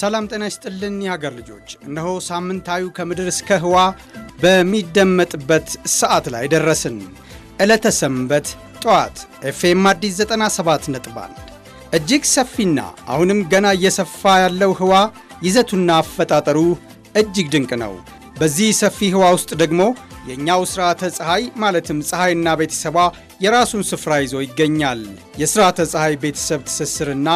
ሰላም ጤና ይስጥልን የሀገር ልጆች፣ እነሆ ሳምንታዊ ከምድር እስከ ህዋ በሚደመጥበት ሰዓት ላይ ደረስን። ዕለተ ሰንበት ጠዋት ኤፍኤም አዲስ ነጥባል እጅግ ሰፊና አሁንም ገና እየሰፋ ያለው ህዋ ይዘቱና አፈጣጠሩ እጅግ ድንቅ ነው። በዚህ ሰፊ ህዋ ውስጥ ደግሞ የእኛው ስርዓተ ፀሐይ ማለትም ፀሐይና ቤተሰቧ የራሱን ስፍራ ይዞ ይገኛል። የሥርዓተ ፀሐይ ቤተሰብ ትስስርና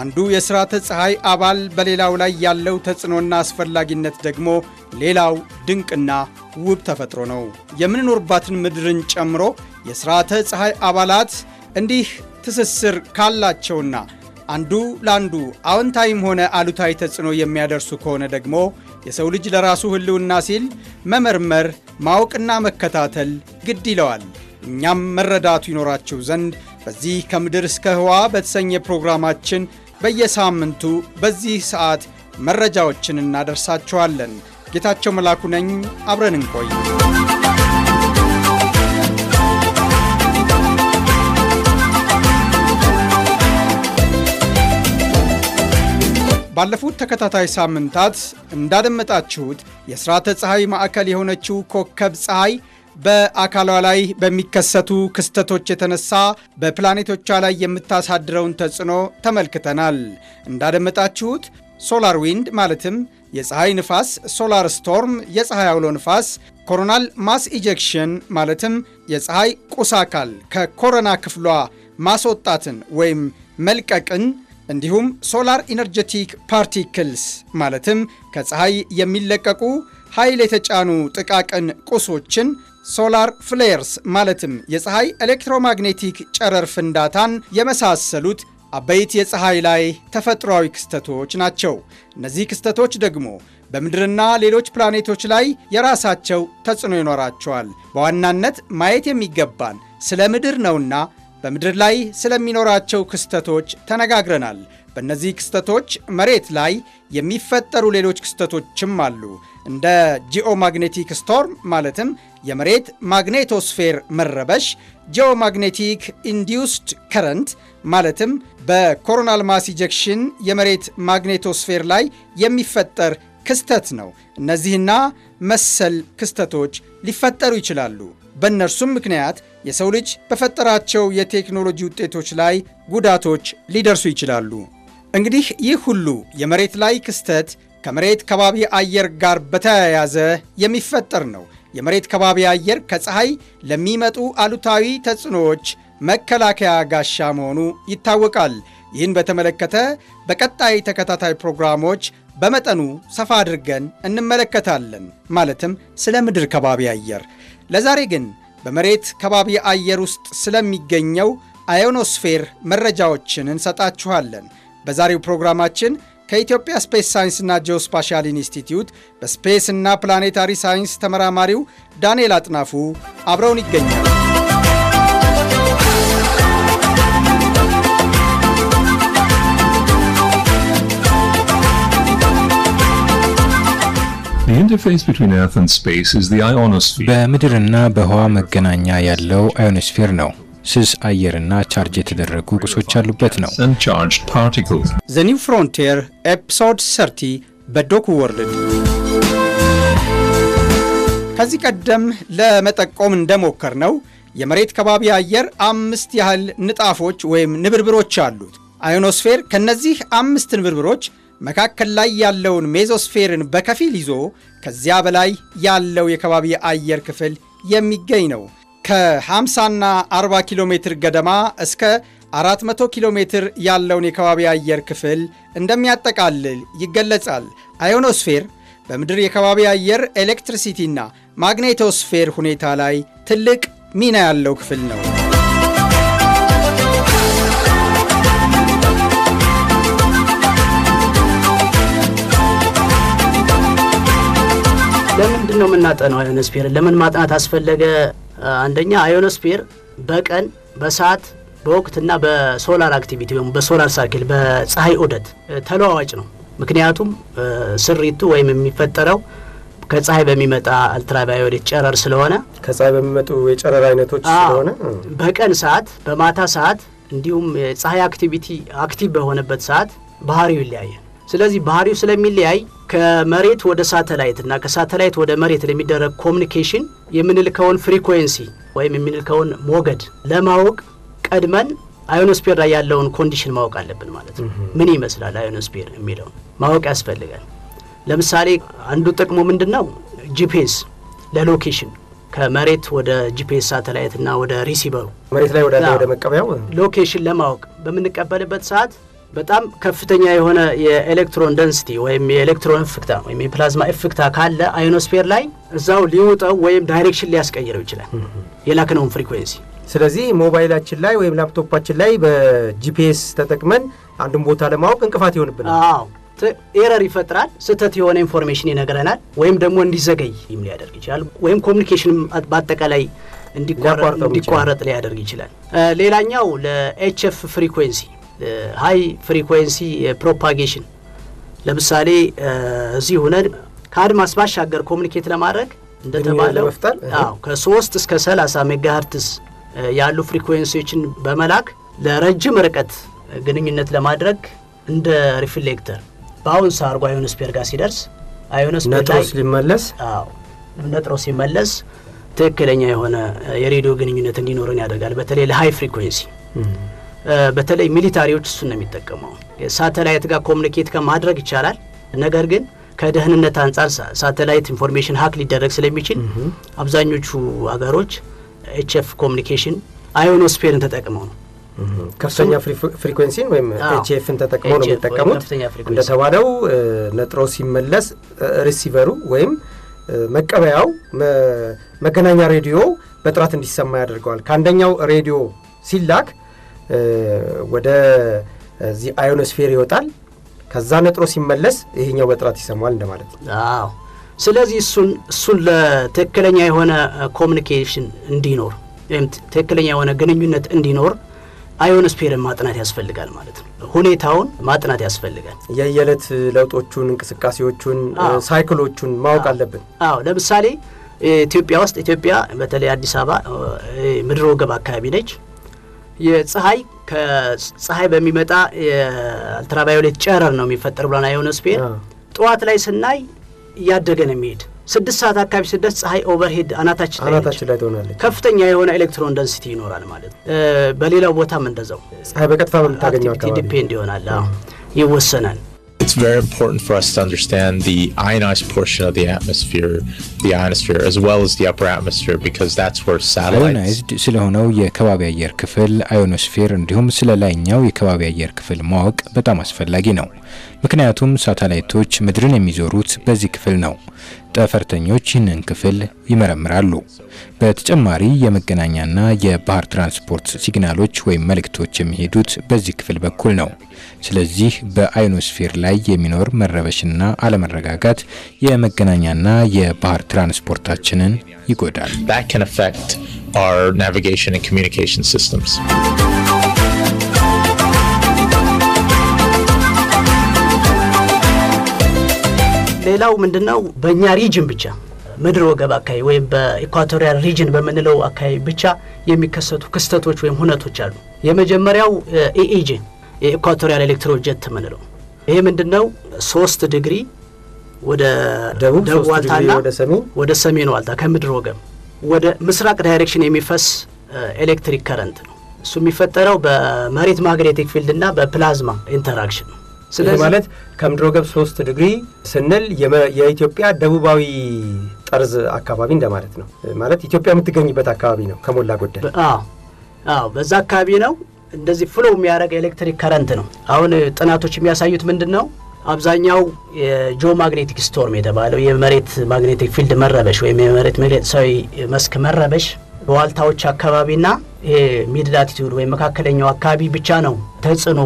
አንዱ የሥርዓተ ፀሐይ አባል በሌላው ላይ ያለው ተጽዕኖና አስፈላጊነት ደግሞ ሌላው ድንቅና ውብ ተፈጥሮ ነው። የምንኖርባትን ምድርን ጨምሮ የሥርዓተ ፀሐይ አባላት እንዲህ ትስስር ካላቸውና አንዱ ለአንዱ አዎንታዊም ሆነ አሉታዊ ተጽዕኖ የሚያደርሱ ከሆነ ደግሞ የሰው ልጅ ለራሱ ሕልውና ሲል መመርመር ማወቅና መከታተል ግድ ይለዋል። እኛም መረዳቱ ይኖራችሁ ዘንድ በዚህ ከምድር እስከ ህዋ በተሰኘ ፕሮግራማችን በየሳምንቱ በዚህ ሰዓት መረጃዎችን እናደርሳችኋለን። ጌታቸው መላኩ ነኝ። አብረን እንቆይ። ባለፉት ተከታታይ ሳምንታት እንዳደመጣችሁት የሥርዓተ ፀሐይ ማዕከል የሆነችው ኮከብ ፀሐይ በአካሏ ላይ በሚከሰቱ ክስተቶች የተነሳ በፕላኔቶቿ ላይ የምታሳድረውን ተጽዕኖ ተመልክተናል። እንዳደመጣችሁት ሶላር ዊንድ ማለትም የፀሐይ ንፋስ፣ ሶላር ስቶርም የፀሐይ አውሎ ንፋስ፣ ኮሮናል ማስ ኢጀክሽን ማለትም የፀሐይ ቁስ አካል ከኮሮና ክፍሏ ማስወጣትን ወይም መልቀቅን እንዲሁም ሶላር ኢነርጀቲክ ፓርቲክልስ ማለትም ከፀሐይ የሚለቀቁ ኃይል የተጫኑ ጥቃቅን ቁሶችን ሶላር ፍሌርስ ማለትም የፀሐይ ኤሌክትሮማግኔቲክ ጨረር ፍንዳታን የመሳሰሉት አበይት የፀሐይ ላይ ተፈጥሯዊ ክስተቶች ናቸው። እነዚህ ክስተቶች ደግሞ በምድርና ሌሎች ፕላኔቶች ላይ የራሳቸው ተጽዕኖ ይኖራቸዋል። በዋናነት ማየት የሚገባን ስለ ምድር ነውና በምድር ላይ ስለሚኖራቸው ክስተቶች ተነጋግረናል። በእነዚህ ክስተቶች መሬት ላይ የሚፈጠሩ ሌሎች ክስተቶችም አሉ። እንደ ጂኦማግኔቲክ ስቶርም ማለትም የመሬት ማግኔቶስፌር መረበሽ፣ ጂኦማግኔቲክ ኢንዲዩስድ ከረንት ማለትም በኮሮናል ማስ ኢጀክሽን የመሬት ማግኔቶስፌር ላይ የሚፈጠር ክስተት ነው። እነዚህና መሰል ክስተቶች ሊፈጠሩ ይችላሉ። በእነርሱም ምክንያት የሰው ልጅ በፈጠራቸው የቴክኖሎጂ ውጤቶች ላይ ጉዳቶች ሊደርሱ ይችላሉ። እንግዲህ ይህ ሁሉ የመሬት ላይ ክስተት ከመሬት ከባቢ አየር ጋር በተያያዘ የሚፈጠር ነው። የመሬት ከባቢ አየር ከፀሐይ ለሚመጡ አሉታዊ ተጽዕኖዎች መከላከያ ጋሻ መሆኑ ይታወቃል። ይህን በተመለከተ በቀጣይ ተከታታይ ፕሮግራሞች በመጠኑ ሰፋ አድርገን እንመለከታለን። ማለትም ስለ ምድር ከባቢ አየር ለዛሬ ግን በመሬት ከባቢ አየር ውስጥ ስለሚገኘው አዮኖስፌር መረጃዎችን እንሰጣችኋለን። በዛሬው ፕሮግራማችን ከኢትዮጵያ ስፔስ ሳይንስና ጂኦስፓሻል ኢንስቲትዩት በስፔስ እና ፕላኔታሪ ሳይንስ ተመራማሪው ዳንኤል አጥናፉ አብረውን ይገኛሉ። በምድርና በህዋ መገናኛ ያለው አዮኖስፌር ነው። ስስ አየርና ቻርጅ የተደረጉ ቁሶች ያሉበት ነው። ዘ ኒው ፍሮንቲር ኤፒሶድ ሰርቲ በዶክ ወርልድ ከዚህ ቀደም ለመጠቆም እንደሞከር ነው የመሬት ከባቢ አየር አምስት ያህል ንጣፎች ወይም ንብርብሮች አሉት። አዮኖስፌር ከእነዚህ አምስት ንብርብሮች መካከል ላይ ያለውን ሜዞስፌርን በከፊል ይዞ ከዚያ በላይ ያለው የከባቢ አየር ክፍል የሚገኝ ነው። ከ50ና 40 ኪሎ ሜትር ገደማ እስከ 400 ኪሎ ሜትር ያለውን የከባቢ አየር ክፍል እንደሚያጠቃልል ይገለጻል። አዮኖስፌር በምድር የከባቢ አየር ኤሌክትሪሲቲና ማግኔቶስፌር ሁኔታ ላይ ትልቅ ሚና ያለው ክፍል ነው። ለምንድን ነው የምናጠነው አዮኖስፔርን? ለምን ማጥናት አስፈለገ? አንደኛ አዮኖስፔር በቀን በሰዓት በወቅትና በሶላር አክቲቪቲ ወይም በሶላር ሳርኪል በፀሐይ ዑደት ተለዋዋጭ ነው። ምክንያቱም ስሪቱ ወይም የሚፈጠረው ከፀሐይ በሚመጣ አልትራቫዮሌት ጨረር ስለሆነ ከፀሐይ በሚመጡ የጨረር አይነቶች ስለሆነ በቀን ሰዓት፣ በማታ ሰዓት እንዲሁም የፀሐይ አክቲቪቲ አክቲቭ በሆነበት ሰዓት ባህሪው ይለያያል። ስለዚህ ባህሪው ስለሚለያይ ከመሬት ወደ ሳተላይት እና ከሳተላይት ወደ መሬት ለሚደረግ ኮሚኒኬሽን የምንልከውን ፍሪኩዌንሲ ወይም የምንልከውን ሞገድ ለማወቅ ቀድመን አዮኖስፔር ላይ ያለውን ኮንዲሽን ማወቅ አለብን ማለት ነው። ምን ይመስላል አዮኖስፔር የሚለውን ማወቅ ያስፈልጋል። ለምሳሌ አንዱ ጥቅሙ ምንድን ነው? ጂፒኤስ ለሎኬሽን ከመሬት ወደ ጂፒኤስ ሳተላይት እና ወደ ሪሲቨሩ መሬት ላይ ወደ መቀበያው ሎኬሽን ለማወቅ በምንቀበልበት ሰዓት በጣም ከፍተኛ የሆነ የኤሌክትሮን ደንስቲ ወይም የኤሌክትሮን እፍክታ ወይም የፕላዝማ እፍክታ ካለ አይኖስፌር ላይ እዛው ሊውጠው ወይም ዳይሬክሽን ሊያስቀይረው ይችላል የላክነውን ፍሪኩዌንሲ። ስለዚህ ሞባይላችን ላይ ወይም ላፕቶፓችን ላይ በጂፒኤስ ተጠቅመን አንድን ቦታ ለማወቅ እንቅፋት ይሆንብናል። ኤረር ይፈጥራል። ስህተት የሆነ ኢንፎርሜሽን ይነግረናል፣ ወይም ደግሞ እንዲዘገይ ሊያደርግ ይችላል። ወይም ኮሚኒኬሽንም በአጠቃላይ እንዲቋረጥ ሊያደርግ ይችላል። ሌላኛው ለኤችፍ ፍሪኩዌንሲ ሀይ ፍሪኩዌንሲ ፕሮፓጌሽን ለምሳሌ እዚህ ሁነን ከአድማስ ባሻገር ኮሚኒኬት ለማድረግ እንደተባለው ከሶስት እስከ ሰላሳ ሜጋሀርትስ ያሉ ፍሪኩዌንሲዎችን በመላክ ለረጅም ርቀት ግንኙነት ለማድረግ እንደ ሪፍሌክተር በአሁን ሰ አርጎ አዮኖስፔር ጋር ሲደርስ አዮኖስፔር ሊመለስ ነጥሮ ሲመለስ ትክክለኛ የሆነ የሬዲዮ ግንኙነት እንዲኖረን ያደርጋል። በተለይ ለሀይ ፍሪኩዌንሲ በተለይ ሚሊታሪዎች እሱን ነው የሚጠቀመው። ሳተላይት ጋር ኮሚኒኬት ከማድረግ ይቻላል። ነገር ግን ከደህንነት አንጻር ሳተላይት ኢንፎርሜሽን ሀክ ሊደረግ ስለሚችል አብዛኞቹ ሀገሮች ኤችኤፍ ኮሚኒኬሽን አዮኖስፌርን ተጠቅመው ነው ከፍተኛ ፍሪኩዌንሲን ወይም ኤችኤፍን ተጠቅመው ነው የሚጠቀሙት። እንደተባለው ነጥሮ ሲመለስ ሪሲቨሩ ወይም መቀበያው መገናኛ ሬዲዮ በጥራት እንዲሰማ ያደርገዋል። ከአንደኛው ሬዲዮ ሲላክ ወደ እዚህ አዮኖስፌር ይወጣል። ከዛ ነጥሮ ሲመለስ ይሄኛው በጥራት ይሰማል እንደማለት ነው። ስለዚህ እሱን እሱን ለትክክለኛ የሆነ ኮሚኒኬሽን እንዲኖር ወይም ትክክለኛ የሆነ ግንኙነት እንዲኖር አዮኖስፌርን ማጥናት ያስፈልጋል ማለት ነው። ሁኔታውን ማጥናት ያስፈልጋል። የየዕለት ለውጦቹን፣ እንቅስቃሴዎቹን፣ ሳይክሎቹን ማወቅ አለብን። አዎ። ለምሳሌ ኢትዮጵያ ውስጥ ኢትዮጵያ በተለይ አዲስ አበባ ምድረ ወገብ አካባቢ ነች። የፀሐይ ከፀሐይ በሚመጣ የአልትራቫዮሌት ጨረር ነው የሚፈጠር ብለና የኦኖስፔር ጠዋት ላይ ስናይ እያደገ ነው የሚሄድ ስድስት ሰዓት አካባቢ ስደት ፀሐይ ኦቨርሄድ አናታችን ላይ ትሆናለች። ከፍተኛ የሆነ ኤሌክትሮን ደንሲቲ ይኖራል ማለት በሌላው ቦታም እንደዛው ፀሐይ በቀጥታ በምታገኘው አካባቢ ዲፔንድ ይሆናል ይወሰናል። it's very important for us to understand the ionized portion of the atmosphere, the ionosphere, as well as the upper atmosphere, because that's where satellites. ionized, ስለሆነው የከባቢ አየር ምክንያቱም ሳተላይቶች ምድርን የሚዞሩት በዚህ ክፍል ነው። ጠፈርተኞች ይህንን ክፍል ይመረምራሉ። በተጨማሪ የመገናኛና የባህር ትራንስፖርት ሲግናሎች ወይም መልእክቶች የሚሄዱት በዚህ ክፍል በኩል ነው። ስለዚህ በአይኖስፌር ላይ የሚኖር መረበሽና አለመረጋጋት የመገናኛና የባህር ትራንስፖርታችንን ይጎዳል። ሌላው ምንድነው በእኛ ሪጅን ብቻ ምድር ወገብ አካባቢ ወይም በኢኳቶሪያል ሪጅን በምንለው አካባቢ ብቻ የሚከሰቱ ክስተቶች ወይም ሁነቶች አሉ። የመጀመሪያው ኢኢጂ የኢኳቶሪያል ኤሌክትሮጀት ምንለው ይሄ ምንድነው ሶስት ዲግሪ ወደ ደቡብ ዋልታና ወደ ሰሜን ዋልታ ከምድር ወገብ ወደ ምስራቅ ዳይሬክሽን የሚፈስ ኤሌክትሪክ ከረንት ነው። እሱ የሚፈጠረው በመሬት ማግኔቲክ ፊልድ እና በፕላዝማ ኢንተራክሽን ነው። ስለዚህ ማለት ከምድረ ገብ ሶስት ዲግሪ ስንል የኢትዮጵያ ደቡባዊ ጠርዝ አካባቢ እንደማለት ነው። ማለት ኢትዮጵያ የምትገኝበት አካባቢ ነው ከሞላ ጎደል። አዎ በዛ አካባቢ ነው እንደዚህ ፍሎ የሚያደርግ ኤሌክትሪክ ከረንት ነው። አሁን ጥናቶች የሚያሳዩት ምንድን ነው? አብዛኛው የጂኦ ማግኔቲክ ስቶርም የተባለው የመሬት ማግኔቲክ ፊልድ መረበሽ ወይም የመሬት መግነጢሳዊ መስክ መረበሽ በዋልታዎች አካባቢና ሚድ ላቲቱድ ወይም መካከለኛው አካባቢ ብቻ ነው ተጽዕኖ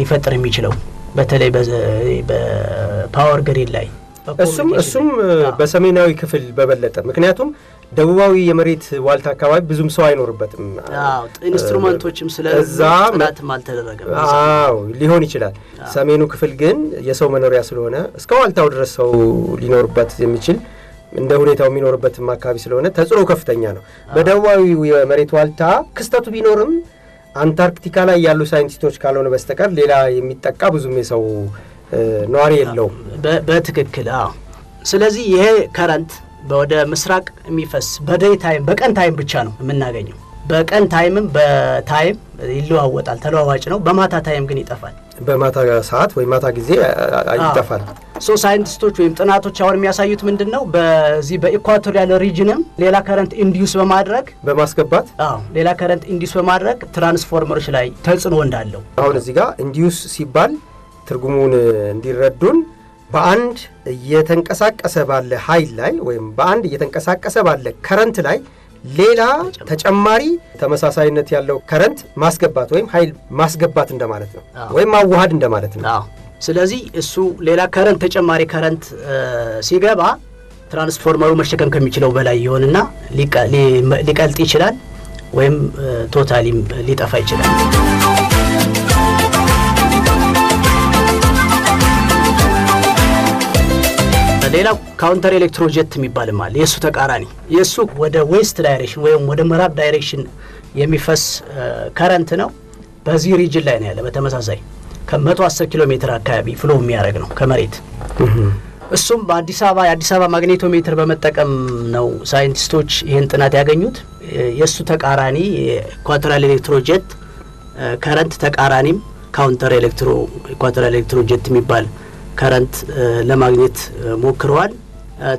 ሊፈጥር የሚችለው። በተለይ በፓወር ግሪድ ላይ እሱም እሱም በሰሜናዊ ክፍል በበለጠ ምክንያቱም ደቡባዊ የመሬት ዋልታ አካባቢ ብዙም ሰው አይኖርበትም። ኢንስትሩመንቶችም ጥናትም አልተደረገም። ሊሆን ይችላል። ሰሜኑ ክፍል ግን የሰው መኖሪያ ስለሆነ እስከ ዋልታው ድረስ ሰው ሊኖርበት የሚችል እንደ ሁኔታው የሚኖርበትም አካባቢ ስለሆነ ተጽዕኖ ከፍተኛ ነው። በደቡባዊ የመሬት ዋልታ ክስተቱ ቢኖርም አንታርክቲካ ላይ ያሉ ሳይንቲስቶች ካልሆነ በስተቀር ሌላ የሚጠቃ ብዙም የሰው ነዋሪ የለውም። በትክክል አዎ። ስለዚህ ይሄ ከረንት ወደ ምስራቅ የሚፈስ በደይ ታይም በቀን ታይም ብቻ ነው የምናገኘው። በቀን ታይምም በታይም ይለዋወጣል፣ ተለዋዋጭ ነው። በማታ ታይም ግን ይጠፋል። በማታ ሰዓት ወይ ማታ ጊዜ ይጠፋል። ሶ ሳይንቲስቶች ወይም ጥናቶች አሁን የሚያሳዩት ምንድን ነው በዚህ በኢኳቶሪያል ሪጅንም ሌላ ከረንት ኢንዲዩስ በማድረግ በማስገባት ሌላ ከረንት ኢንዲስ በማድረግ ትራንስፎርመሮች ላይ ተጽዕኖ እንዳለው አሁን እዚህ ጋር ኢንዲዩስ ሲባል ትርጉሙን እንዲረዱን በአንድ እየተንቀሳቀሰ ባለ ኃይል ላይ ወይም በአንድ እየተንቀሳቀሰ ባለ ከረንት ላይ ሌላ ተጨማሪ ተመሳሳይነት ያለው ከረንት ማስገባት ወይም ኃይል ማስገባት እንደማለት ነው፣ ወይም ማዋሃድ እንደማለት ነው። ስለዚህ እሱ ሌላ ከረንት ተጨማሪ ከረንት ሲገባ ትራንስፎርመሩ መሸከም ከሚችለው በላይ ይሆንና ሊቀልጥ ይችላል ወይም ቶታሊ ሊጠፋ ይችላል። ሌላ ካውንተር ኤሌክትሮጀት የሚባልም አለ። የእሱ ተቃራኒ የእሱ ወደ ዌስት ዳይሬክሽን ወይም ወደ ምዕራብ ዳይሬክሽን የሚፈስ ከረንት ነው። በዚህ ሪጅን ላይ ነው ያለ በተመሳሳይ ከ110 ኪሎ ሜትር አካባቢ ፍሎ የሚያደርግ ነው ከመሬት እሱም በአዲስ አበባ የአዲስ አበባ ማግኔቶሜትር በመጠቀም ነው ሳይንቲስቶች ይህን ጥናት ያገኙት። የእሱ ተቃራኒ የኢኳቶሪያል ኤሌክትሮጀት ከረንት ተቃራኒም ካውንተር ኤሌክትሮ ኢኳቶሪያል ኤሌክትሮጀት የሚባል ከረንት ለማግኘት ሞክረዋል፣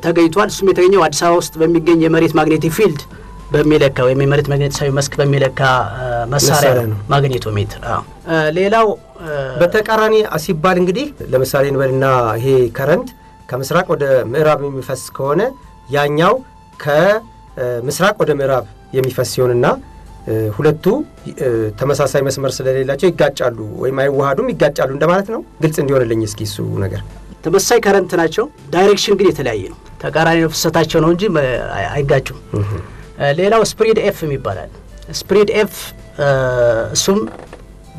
ተገኝቷል። እሱም የተገኘው አዲስ አበባ ውስጥ በሚገኝ የመሬት ማግኔቲክ ፊልድ በሚለካ ወይም የመሬት ማግኔቲሳዊ መስክ በሚለካ መሳሪያ ነው ማግኔቶሜትር። ሌላው በተቃራኒ ሲባል እንግዲህ ለምሳሌ እንበልና ይሄ ከረንት ከምስራቅ ወደ ምዕራብ የሚፈስ ከሆነ ያኛው ከምስራቅ ወደ ምዕራብ የሚፈስ ሲሆንና ሁለቱ ተመሳሳይ መስመር ስለሌላቸው ይጋጫሉ ወይም አይዋሃዱም፣ ይጋጫሉ እንደማለት ነው። ግልጽ እንዲሆንልኝ እስኪ እሱ ነገር። ተመሳሳይ ከረንት ናቸው፣ ዳይሬክሽን ግን የተለያየ ነው። ተቃራኒ ነው ፍሰታቸው ነው እንጂ አይጋጩም። ሌላው ስፕሪድ ኤፍ ይባላል። ስፕሪድ ኤፍ እሱም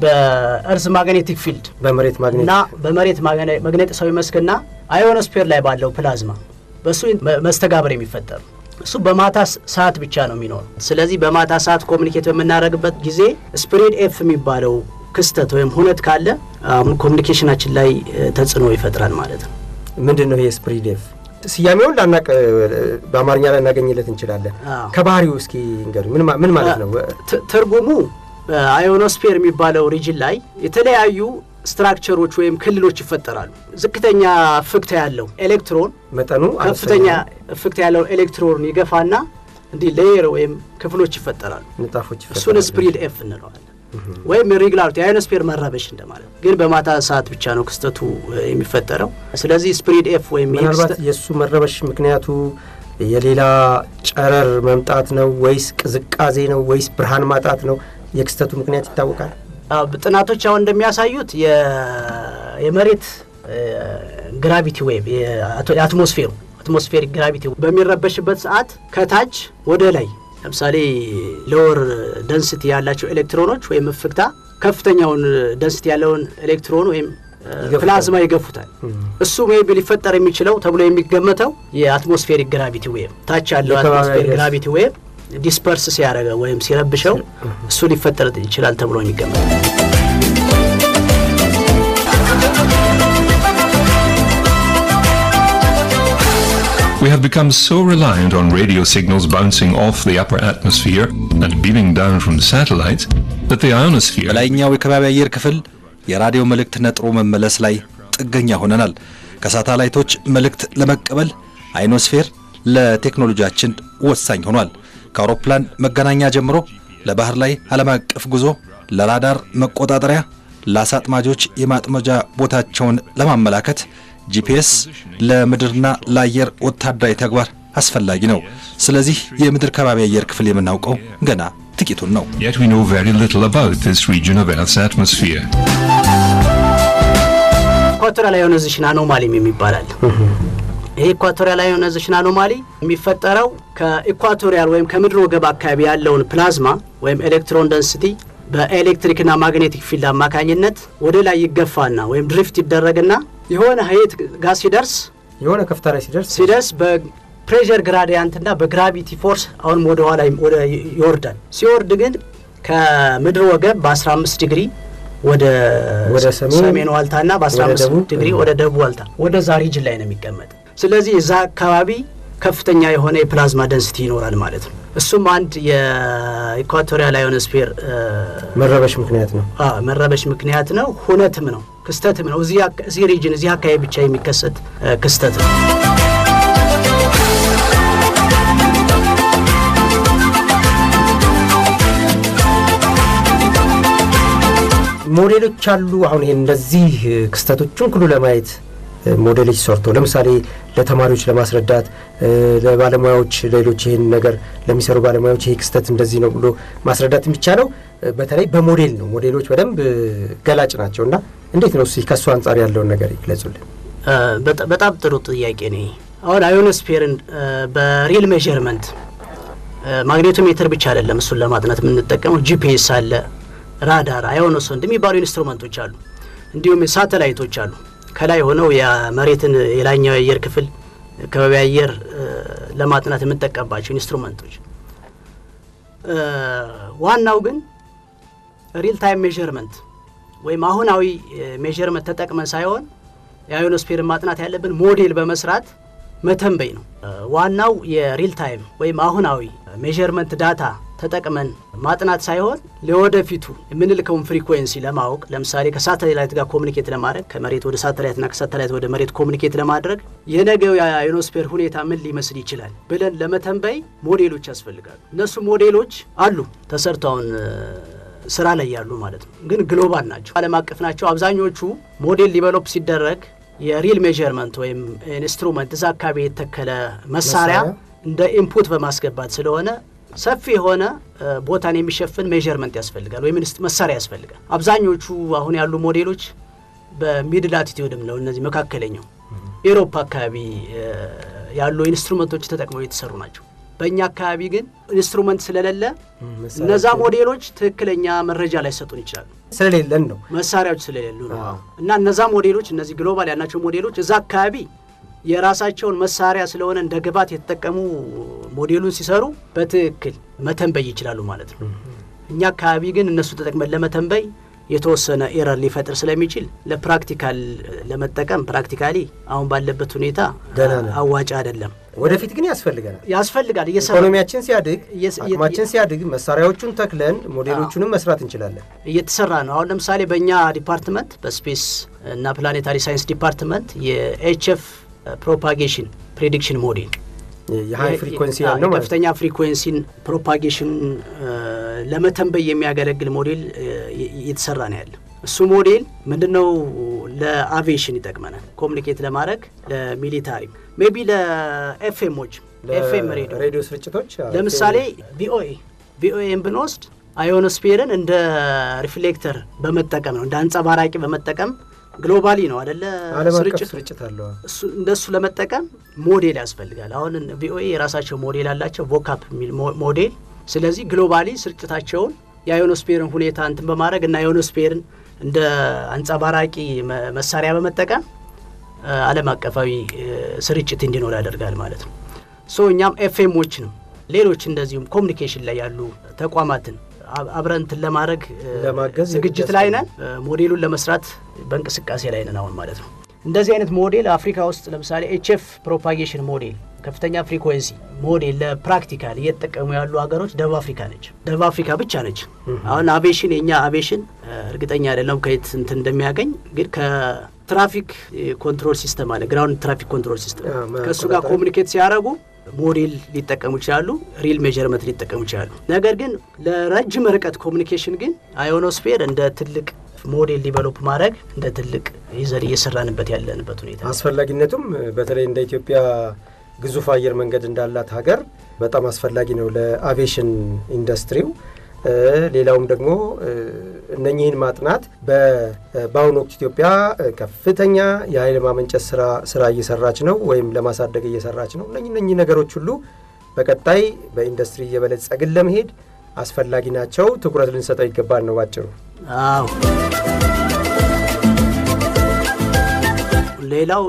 በእርዝ ማግኔቲክ ፊልድ በመሬት ማግኔትና በመሬት ማግኔጢሳዊ መስክና አዮኖስፌር ላይ ባለው ፕላዝማ በእሱ መስተጋብር የሚፈጠር እሱ በማታ ሰዓት ብቻ ነው የሚኖረው። ስለዚህ በማታ ሰዓት ኮሚኒኬት በምናደርግበት ጊዜ ስፕሬድ ኤፍ የሚባለው ክስተት ወይም ሁነት ካለ አሁን ኮሚኒኬሽናችን ላይ ተጽዕኖ ይፈጥራል ማለት ነው። ምንድን ነው ይሄ ስፕሪድ ኤፍ? ስያሜውን ላናቅ በአማርኛ ላይ እናገኝለት እንችላለን። ከባህሪው እስኪ እንገዱ ምን ማለት ነው ትርጉሙ? አዮኖስፌር የሚባለው ሪጅን ላይ የተለያዩ ስትራክቸሮች ወይም ክልሎች ይፈጠራሉ። ዝቅተኛ ፍክታ ያለው ኤሌክትሮን መጠኑ ከፍተኛ ፍክታ ያለው ኤሌክትሮን ይገፋና እንዲህ ሌየር ወይም ክፍሎች ይፈጠራሉ። ንጣፎች እሱን ስፕሪድ ኤፍ እንለዋለን። ወይም ኢሬጉላሪቲ አዮኖስፌር መረበሽ እንደማለት ነው። ግን በማታ ሰዓት ብቻ ነው ክስተቱ የሚፈጠረው። ስለዚህ ስፕሪድ ኤፍ ወይም e ምናልባት የእሱ መረበሽ ምክንያቱ የሌላ ጨረር መምጣት ነው ወይስ ቅዝቃዜ ነው ወይስ ብርሃን ማጣት ነው? የክስተቱ ምክንያት ይታወቃል። ጥናቶች አሁን እንደሚያሳዩት የመሬት ግራቪቲ ወይም የአትሞስፌሩ አትሞስፌሪክ ግራቪቲ በሚረበሽበት ሰዓት ከታች ወደ ላይ ለምሳሌ ሎወር ደንስቲ ያላቸው ኤሌክትሮኖች ወይም እፍግታ ከፍተኛውን ደንስቲ ያለውን ኤሌክትሮን ወይም ፕላዝማ ይገፉታል። እሱ ሜይቢ ሊፈጠር የሚችለው ተብሎ የሚገመተው የአትሞስፌሪክ ግራቪቲ ወይም ታች ያለው አትሞስፌሪክ ግራቪቲ ወይም ዲስፐርስ ሲያደረገ ወይም ሲረብሸው እሱ ሊፈጠር ይችላል ተብሎ የሚገመተው we have become so reliant on radio signals bouncing off the upper atmosphere and beaming down from satellites that the ionosphere በላይኛው የከባቢ አየር ክፍል የራዲዮ መልእክት ነጥሮ መመለስ ላይ ጥገኛ ሆነናል። ከሳተላይቶች መልእክት ለመቀበል አይኖስፌር ለቴክኖሎጂያችን ወሳኝ ሆኗል። ከአውሮፕላን መገናኛ ጀምሮ ለባህር ላይ ዓለም አቀፍ ጉዞ፣ ለራዳር መቆጣጠሪያ፣ ለአሳጥማጆች የማጥመጃ ቦታቸውን ለማመላከት ጂፒኤስ ለምድርና ለአየር ወታደራዊ ተግባር አስፈላጊ ነው። ስለዚህ የምድር ከባቢ አየር ክፍል የምናውቀው ገና ጥቂቱን ነው። ኢኳቶሪያል አዮናይዜሽን አኖማሊም የሚባላል ይህ ኢኳቶሪያል አዮናይዜሽን አኖማሊ የሚፈጠረው ከኢኳቶሪያል ወይም ከምድር ወገብ አካባቢ ያለውን ፕላዝማ ወይም ኤሌክትሮን ደንስቲ በኤሌክትሪክና ማግኔቲክ ፊልድ አማካኝነት ወደ ላይ ይገፋና ወይም ድሪፍት ይደረግና የሆነ ሀይት ጋር ሲደርስ የሆነ ከፍታ ላይ ሲደርስ ሲደርስ ግራዲያንት ግራዲያንትና በግራቪቲ ፎርስ አሁንም ወደ ኋላ ይወርዳል። ሲወርድ ግን ከምድር ወገብ በ15 ዲግሪ ወደ ሰሜን ዋልታና በ15 ዲግሪ ወደ ደቡብ ዋልታ ወደዛ ሪጅን ላይ ነው የሚቀመጥ። ስለዚህ እዛ አካባቢ ከፍተኛ የሆነ የፕላዝማ ደንስቲ ይኖራል ማለት ነው። እሱም አንድ የኢኳቶሪያል አዮኖስፌር መረበሽ ምክንያት ነው መረበሽ ምክንያት ነው ሁነትም ነው ክስተትም ነው። እዚህ ሪጅን እዚህ አካባቢ ብቻ የሚከሰት ክስተት ነው። ሞዴሎች አሉ። አሁን ይሄን እንደዚህ ክስተቶችን ሁሉ ለማየት ሞዴሎች ሰርቶ ለምሳሌ ለተማሪዎች ለማስረዳት ለባለሙያዎች፣ ሌሎች ይህን ነገር ለሚሰሩ ባለሙያዎች ይሄ ክስተት እንደዚህ ነው ብሎ ማስረዳት የሚቻለው በተለይ በሞዴል ነው። ሞዴሎች በደንብ ገላጭ ናቸው እና እንዴት ነው እስ ከእሱ አንጻር ያለውን ነገር ይግለጹልን። በጣም ጥሩ ጥያቄ ነ አሁን አዮኖስፌርን በሪል ሜርመንት ማግኔቶ ሜትር ብቻ አይደለም እሱን ለማጥናት የምንጠቀመው። ጂፒኤስ አለ፣ ራዳር፣ ወንድ የሚባሉ ኢንስትሩመንቶች አሉ፣ እንዲሁም ሳተላይቶች አሉ። ከላይ ሆነው የመሬትን የላኛው የአየር ክፍል ከበቢ አየር ለማጥናት የምንጠቀምባቸው ኢንስትሩመንቶች። ዋናው ግን ሪል ታይም ሜርመንት ወይም አሁናዊ ሜዠርመንት ተጠቅመን ሳይሆን የአዮኖስፌርን ማጥናት ያለብን ሞዴል በመስራት መተንበይ ነው። ዋናው የሪል ታይም ወይም አሁናዊ ሜዠርመንት ዳታ ተጠቅመን ማጥናት ሳይሆን ለወደፊቱ የምንልከውን ፍሪኩዌንሲ ለማወቅ ለምሳሌ ከሳተላይት ጋር ኮሚኒኬት ለማድረግ ከመሬት ወደ ሳተላይትና ከሳተላይት ወደ መሬት ኮሚኒኬት ለማድረግ የነገው የአዮኖስፔር ሁኔታ ምን ሊመስል ይችላል ብለን ለመተንበይ ሞዴሎች ያስፈልጋሉ። እነሱ ሞዴሎች አሉ ተሰርተውን ስራ ላይ ያሉ ማለት ነው። ግን ግሎባል ናቸው፣ አለም አቀፍ ናቸው። አብዛኞቹ ሞዴል ዲቨሎፕ ሲደረግ የሪል ሜዠርመንት ወይም ኢንስትሩመንት እዛ አካባቢ የተተከለ መሳሪያ እንደ ኢንፑት በማስገባት ስለሆነ ሰፊ የሆነ ቦታን የሚሸፍን ሜርመንት ያስፈልጋል ወይም መሳሪያ ያስፈልጋል። አብዛኞቹ አሁን ያሉ ሞዴሎች በሚድ ላቲቲዩድም ነው እነዚህ መካከለኛው ኤሮፓ አካባቢ ያሉ ኢንስትሩመንቶች ተጠቅመው የተሰሩ ናቸው። በእኛ አካባቢ ግን ኢንስትሩመንት ስለሌለ እነዛ ሞዴሎች ትክክለኛ መረጃ ላይ ሰጡን ይችላሉ። ስለሌለን ነው መሳሪያዎች ስለሌሉ ነው። እና እነዛ ሞዴሎች እነዚህ ግሎባል ያላቸው ሞዴሎች እዛ አካባቢ የራሳቸውን መሳሪያ ስለሆነ እንደ ግባት የተጠቀሙ ሞዴሉን ሲሰሩ በትክክል መተንበይ ይችላሉ ማለት ነው። እኛ አካባቢ ግን እነሱ ተጠቅመን ለመተንበይ የተወሰነ ኤረር ሊፈጥር ስለሚችል ለፕራክቲካል ለመጠቀም ፕራክቲካሊ አሁን ባለበት ሁኔታ አዋጭ አይደለም። ወደፊት ግን ያስፈልገናል ያስፈልጋል። ኢኮኖሚያችን ሲያድግ አቅማችን ሲያድግ መሳሪያዎቹን ተክለን ሞዴሎቹንም መስራት እንችላለን። እየተሰራ ነው። አሁን ለምሳሌ በእኛ ዲፓርትመንት በስፔስ እና ፕላኔታሪ ሳይንስ ዲፓርትመንት የኤችፍ ፕሮፓጌሽን ፕሬዲክሽን ሞዴል የሀይ ፍሪኮንሲ ከፍተኛ ፍሪኮንሲን ፕሮፓጌሽን ለመተንበይ የሚያገለግል ሞዴል እየተሰራ ነው ያለ። እሱ ሞዴል ምንድነው? ለአቪዬሽን ይጠቅመናል፣ ኮሚኒኬት ለማድረግ ለሚሊታሪ፣ ሜቢ ለኤፍኤሞች፣ ኤፍኤም ሬዲዮ ስርጭቶች። ለምሳሌ ቪኦኤ ቪኦኤን ብንወስድ አዮኖስፔርን እንደ ሪፍሌክተር በመጠቀም ነው እንደ አንጸባራቂ በመጠቀም ግሎባሊ ነው አደለ? ስርጭት አለው። እንደሱ ለመጠቀም ሞዴል ያስፈልጋል። አሁን ቪኦኤ የራሳቸው ሞዴል አላቸው። ቮካፕ የሚል ሞዴል ስለዚህ ግሎባሊ ስርጭታቸውን የአዮኖስፔርን ሁኔታ እንትን በማድረግ እና አዮኖስፔርን እንደ አንጸባራቂ መሳሪያ በመጠቀም አለም አቀፋዊ ስርጭት እንዲኖር ያደርጋል ማለት ነው። ሶ እኛም ኤፍኤሞችንም ሌሎች እንደዚሁም ኮሚኒኬሽን ላይ ያሉ ተቋማትን አብረን እንትን ለማድረግ ዝግጅት ላይ ነን። ሞዴሉን ለመስራት በእንቅስቃሴ ላይ ነን አሁን ማለት ነው። እንደዚህ አይነት ሞዴል አፍሪካ ውስጥ ለምሳሌ ኤችኤፍ ፕሮፓጌሽን ሞዴል ከፍተኛ ፍሪኩዌንሲ ሞዴል ለፕራክቲካል እየተጠቀሙ ያሉ ሀገሮች ደቡብ አፍሪካ ነች። ደቡብ አፍሪካ ብቻ ነች። አሁን አቬሽን የእኛ አቬሽን እርግጠኛ አይደለም ከየት እንትን እንደሚያገኝ ግን ከትራፊክ ኮንትሮል ሲስተም አለ፣ ግራውንድ ትራፊክ ኮንትሮል ሲስተም ከእሱ ጋር ኮሚኒኬት ሲያደርጉ ሞዴል ሊጠቀሙ ይችላሉ። ሪል ሜጀርመንት ሊጠቀሙ ይችላሉ። ነገር ግን ለረጅም ርቀት ኮሚኒኬሽን ግን አዮኖስፌር እንደ ትልቅ ሞዴል ዲቨሎፕ ማድረግ እንደ ትልቅ ይዘን እየሰራንበት ያለንበት ሁኔታ አስፈላጊነቱም በተለይ እንደ ኢትዮጵያ ግዙፍ አየር መንገድ እንዳላት ሀገር በጣም አስፈላጊ ነው ለአቪሽን ኢንዱስትሪው። ሌላውም ደግሞ እነኚህን ማጥናት በአሁኑ ወቅት ኢትዮጵያ ከፍተኛ የኃይል ማመንጨት ስራ ስራ እየሰራች ነው ወይም ለማሳደግ እየሰራች ነው። እነኚህ ነገሮች ሁሉ በቀጣይ በኢንዱስትሪ እየበለጸግን ለመሄድ አስፈላጊ ናቸው። ትኩረት ልንሰጠው ይገባል ነው ባጭሩ። አዎ ሌላው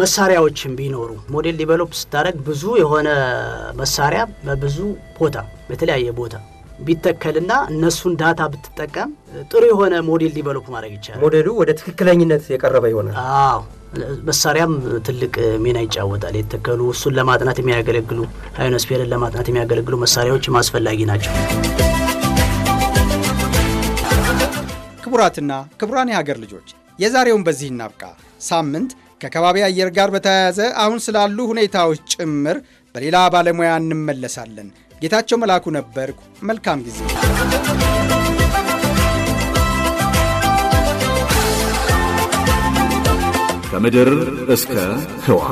መሳሪያዎችን ቢኖሩ ሞዴል ዲቨሎፕ ስታደረግ ብዙ የሆነ መሳሪያ በብዙ ቦታ በተለያየ ቦታ ቢተከልና እነሱን ዳታ ብትጠቀም ጥሩ የሆነ ሞዴል ዲቨሎፕ ማድረግ ይቻላል። ሞዴሉ ወደ ትክክለኝነት የቀረበ ይሆናል። አዎ መሳሪያም ትልቅ ሚና ይጫወታል። የተከሉ እሱን ለማጥናት የሚያገለግሉ አዮኖስፌርን ለማጥናት የሚያገለግሉ መሳሪያዎችም አስፈላጊ ናቸው። ክቡራትና ክቡራን የሀገር ልጆች የዛሬውን በዚህ እናብቃ። ሳምንት ከከባቢ አየር ጋር በተያያዘ አሁን ስላሉ ሁኔታዎች ጭምር በሌላ ባለሙያ እንመለሳለን። ጌታቸው መላኩ ነበርኩ። መልካም ጊዜ። ከምድር እስከ ህዋ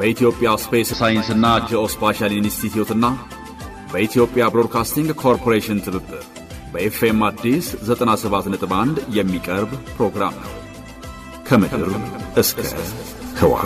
በኢትዮጵያ ስፔስ ሳይንስና ጂኦስፓሻል ኢንስቲትዩትና በኢትዮጵያ ብሮድካስቲንግ ኮርፖሬሽን ትብብር በኤፍኤም አዲስ 97.1 የሚቀርብ ፕሮግራም ነው። ከምድር እስከ ህዋ